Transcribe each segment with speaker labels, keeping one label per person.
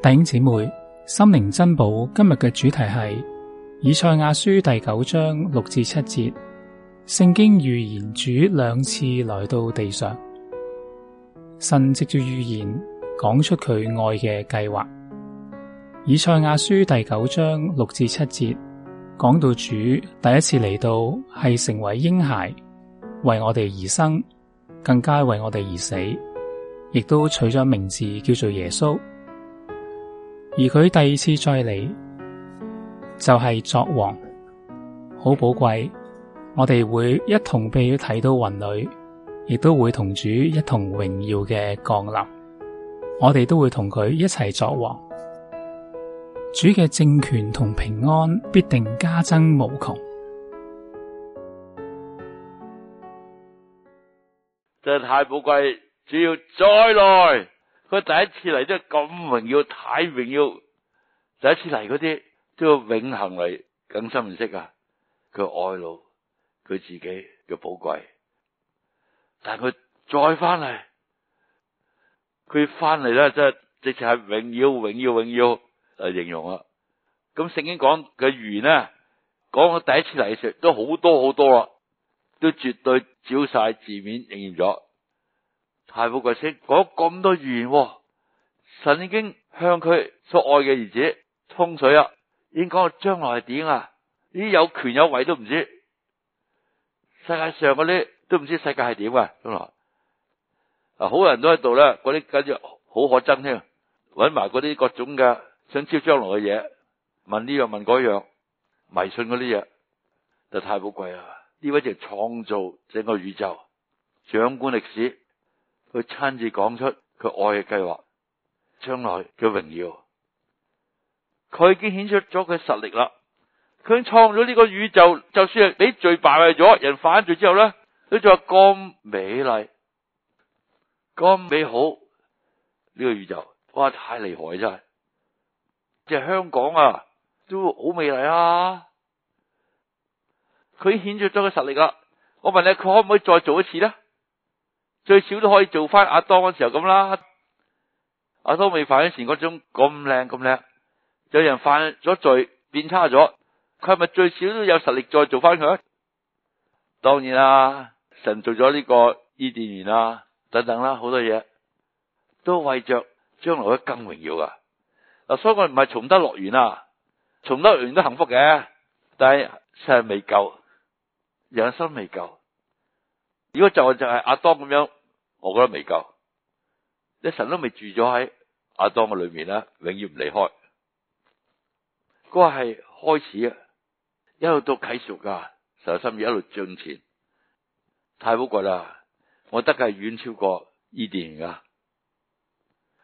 Speaker 1: 弟兄姊妹，心靈珍寶，今日嘅主題係以賽亞書第九章六至七節，聖經預言主兩次來到地上，神藉住預言講出佢愛嘅計劃。以賽亞書第九章六至七節講到主第一次嚟到係成為嬰孩，為我哋而生，更加為我哋而死，亦都取咗名字叫做耶穌。而佢第二次再嚟，就係、是、作王，好寶貴。我哋會一同被睇到雲裏，亦都會同主一同榮耀嘅降臨，我哋都會同佢一齊作王。主嘅政權同平安必定加增無窮。
Speaker 2: 真係太寶貴，只要再來。佢第一次嚟，真係咁榮耀，太榮耀！第一次嚟嗰啲都要永恆嚟，更深唔識啊！佢愛佬，佢自己嘅寶貴。但係佢再翻嚟，佢翻嚟咧真係直接係榮耀、榮耀、榮耀嚟形容啦。咁聖經講嘅預言呢，講我第一次嚟時都好多好多啦，都絕對照晒字面應驗咗。太寶貴先，講咁多預言，神已經向佢所愛嘅兒子通水啦，已經講個將來係點啊？啲有權有位都唔知，世界上嗰啲都唔知世界係點啊！將來啊，好人都喺度啦，嗰啲跟住好可憎添，揾埋嗰啲各種嘅想知將來嘅嘢，問呢樣問嗰樣，迷信嗰啲嘢，就太寶貴啊！呢位就係創造整個宇宙，掌管歷史。佢親自講出佢愛嘅計劃，將來嘅榮耀，佢已經顯出咗佢實力啦。佢創咗呢個宇宙，就算係俾罪敗壞咗，人犯罪之後呢，佢仲係咁美麗、咁美好呢個宇宙。哇，太厲害真係啦！即係香港啊，都好美麗啊。佢顯出咗佢實力啦。我問你，佢可唔可以再做一次呢？最少都可以做翻阿當嗰時候咁啦，阿當未犯以前嗰種咁靚咁靚，有人犯咗罪變差咗，佢係咪最少都有實力再做翻佢？當然啦、啊，神做咗呢、這個伊甸園啊等等啦、啊，好多嘢都為着將來嘅更榮耀噶。嗱、啊，所以佢唔係重德樂園啊，重德樂園都幸福嘅，但係實係未夠，養生未夠。如果就就係阿當咁樣。我覺得未夠，一神都未住咗喺阿當嘅裏面啦，永遠唔離開。佢話係開始啊，一路到啟贖啊，神心意一路進前，太寶貴啦！我得嘅係遠超過伊甸園啊！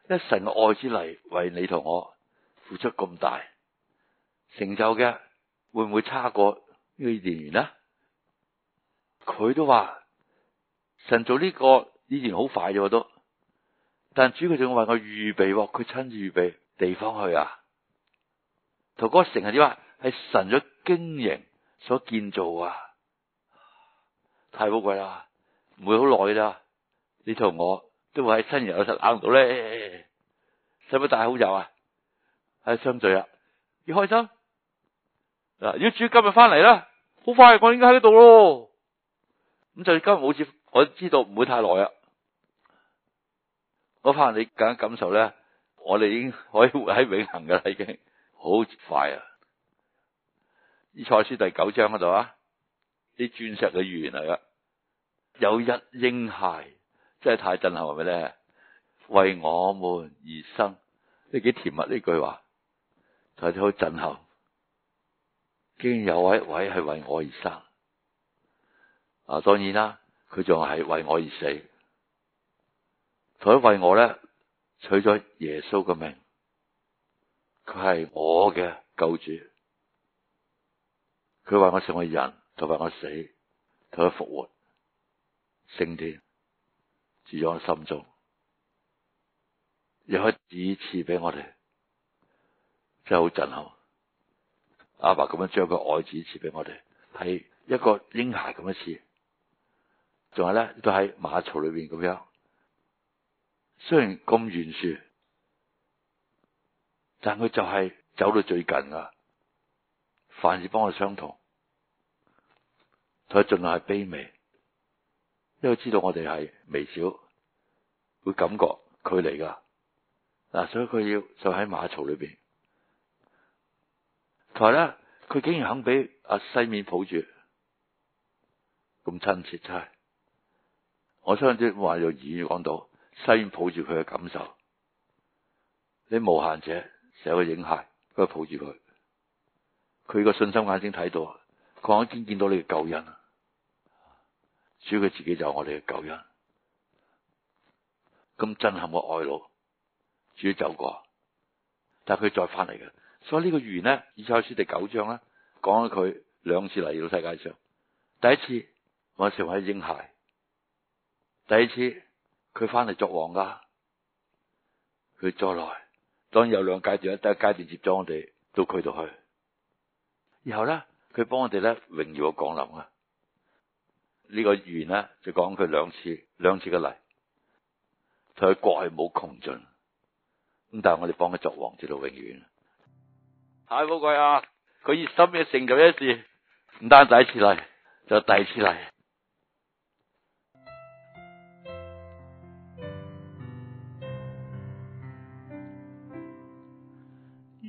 Speaker 2: 一神嘅愛之嚟為你同我付出咁大成就嘅，會唔會差過呢個伊甸園呢？佢都話神做呢個。以前好快啫，都，但主佢仲話我預備，佢親自預備地方去啊，同嗰個城係點啊，係神所經營、所建造啊，太寶貴啦，唔會好耐啦，你同我都會喺新人有嘅手唔到咧，使乜大口咒啊，喺、哎、相聚啊，要開心，嗱，要主今日翻嚟啦，好快，我應該喺度咯，咁就今日好似。我知道唔會太耐啊！我怕你咁樣感受咧，我哋已經可以活喺永恒噶啦，已經好快啊！《賽書》第九章嗰度啊，啲鑽石嘅預言嚟啦，有一嬰孩，真係太震撼係咪咧？為我們而生，呢幾甜蜜呢句話，睇得好震撼。竟然有位位係為我而生啊！當然啦。佢仲係為我而死，佢為我咧取咗耶穌嘅命。佢係我嘅救主。佢為我成為人，同埋我死，同佢復活，升天，住咗我心中，又可以指賜俾我哋，真係好震撼。阿爸咁樣將個愛指賜俾我哋，係一個嬰孩咁樣賜。仲有咧，都喺馬槽裏邊咁樣。雖然咁懸殊，但佢就係走到最近噶。凡事幫我相同，佢盡量係卑微，因為知道我哋係微小，會感覺距離噶嗱，所以佢要就喺馬槽裏邊。同埋咧，佢竟然肯俾阿西面抱住，咁親切真係。.我相信話用言語講到，西元抱住佢嘅感受，你無限者成個影骸，佢抱住佢，佢個信心眼睛睇到，佢眼睛見到你嘅救恩啦。主要佢自己就係我哋嘅救恩，咁震撼嘅愛路，主要走過，但係佢再翻嚟嘅，所以呢個預呢，已以賽斯第九章啦。講咗佢兩次嚟到世界上，第一次我哋話係影骸。第二次佢翻嚟作王噶，佢再來當然有兩階段，第一階段接咗我哋到佢度去，然後咧佢幫我哋咧榮耀嘅降臨啊！這個、呢個預言咧就講佢兩次，兩次嘅嚟，佢國係冇窮盡，咁但係我哋幫佢作王直到永遠。太寶貴啊！佢熱心嘅成就一件事，唔單止一次嚟，就第二次嚟。